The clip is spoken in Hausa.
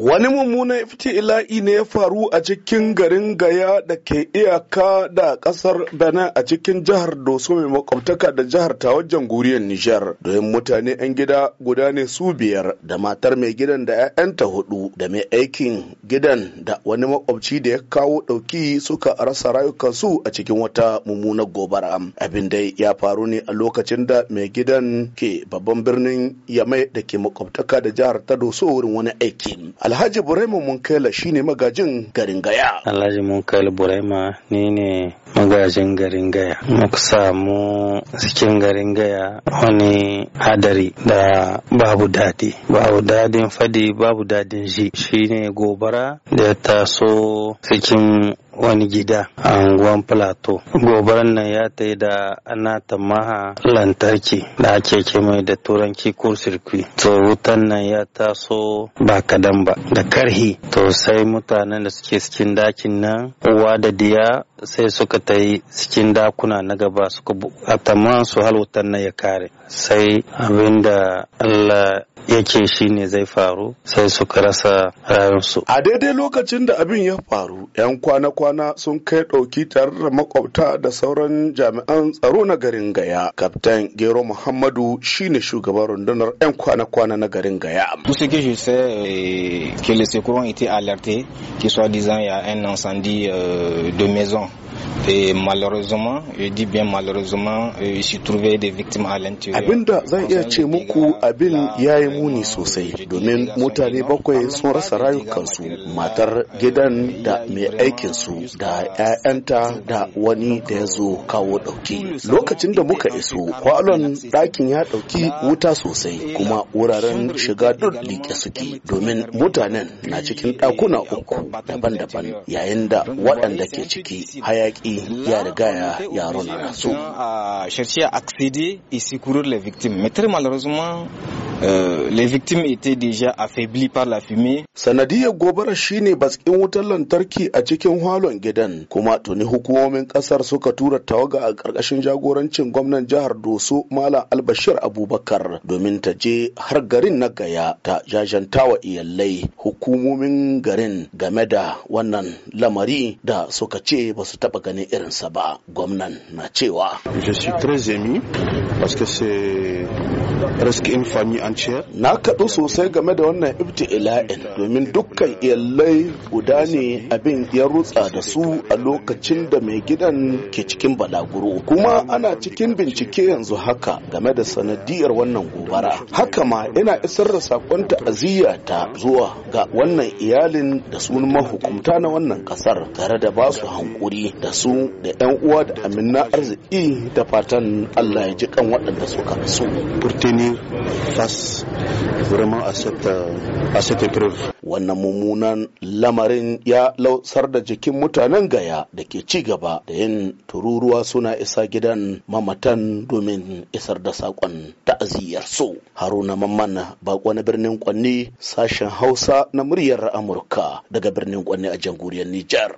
Wani mummunan ila'i ne ya faru a cikin garin Gaya da ke iyaka da kasar Benin a cikin jihar Doso mai makwabtaka da jihar ta Tawajen Guriyar Nijar. Domin mutane 'yan gida guda ne su biyar da matar mai gidan da 'ya'yanta hudu da mai aikin gidan da wani makwabci da ya kawo ɗauki suka rasa rayukansu a cikin wata mummunar gobara. Abin dai ya faru ne a lokacin da mai gidan ke babban birnin Yamai da ke makwabtaka da jihar ta Doso wurin wani aikin. Alhaji Burema Munkaila shine magajin garin Gaya. Alhaji Munkaila Burema ni ne magajin garin Gaya. Muka samu cikin garin Gaya wani hadari da babu dadi. Babu dadin fadi babu dadin ji shine gobara da ya so cikin wani gida a unguwan plateau gobaran nan ya ta yi da ana maha lantarki da ake ke mai da turanci ko sirkwi to wutan nan ya taso ba kadan ba da karhi to sai mutanen da suke cikin dakin nan uwa da diya sai suka ta yi cikin dakuna na gaba suka ataman su halwatan na ya kare sai abinda Allah yake shi ne zai faru sai suka rasa rayunsu. A daidai lokacin da abin ya faru, 'yan kwana-kwana sun kai ɗauki tare da makwabta da sauran jami'an tsaro na garin Gaya. Kaftan Gero Muhammadu shine shugaban rundunar 'yan kwana-kwana na garin Gaya. ke que je euh, secours ont été alertés, disant a un incendie euh, de maison enfants. Et malheureusement, je dis bien malheureusement, euh, je suis trouvé des victimes à l'intérieur. Abinda zan iya ce muku abin ya yi euh, muni sosai domin mutane bakwai sun rasa rayukansu matar euh, gidan da mai aikin su da 'ya'yanta da wani da ya zo kawo ɗauki. Lokacin da muka iso, kwalon ɗakin ya ɗauki wuta sosai kuma wuraren shiga duk liƙe suke domin mutanen na cikin ɗakuna uku daban-daban yayin da waɗanda ke ciki hayaƙi ya riga ya yaron su. Euh, les victimes étaient déjà affaiblies par la fumée. Sanadiyar gobarar shine baskin wutar lantarki a cikin halon gidan kuma tuni hukumomin kasar suka tura tawaga a ƙarƙashin jagorancin gwamnan jihar Doso Malam Albashir Abubakar domin ta je har garin na Gaya ta jajantawa iyalai hukumomin garin game da wannan lamari da suka ce ba su taɓa ganin irinsa ba. Gwamnan na cewa. Je suis très ému parce que c'est riskin fami an ce na kaɗu sosai game da wannan ibtila'in domin dukkan iyalai guda ne abin ya rutsa da su a lokacin da mai gidan ke cikin balaguro kuma ana cikin bincike yanzu haka game da sanadiyar wannan gobara haka ma ina isar da sakon ta'aziyya ta zuwa ga wannan iyalin da sun mahukumta na wannan kasar tare da basu hankuri da su da yan uwa da amina arziki da fatan Allah ya ji kan waɗanda suka rasu. Burtini humains face vraiment à cette, à Wannan mummunan lamarin ya lausar da jikin mutanen gaya da ke ci gaba da yin tururuwa suna isa gidan mamatan domin isar da saƙon ta'aziyyar su. Haruna Mamman bako na birnin Kwanni sashen Hausa na muryar Amurka daga birnin Kwanni a jamhuriyar Nijar.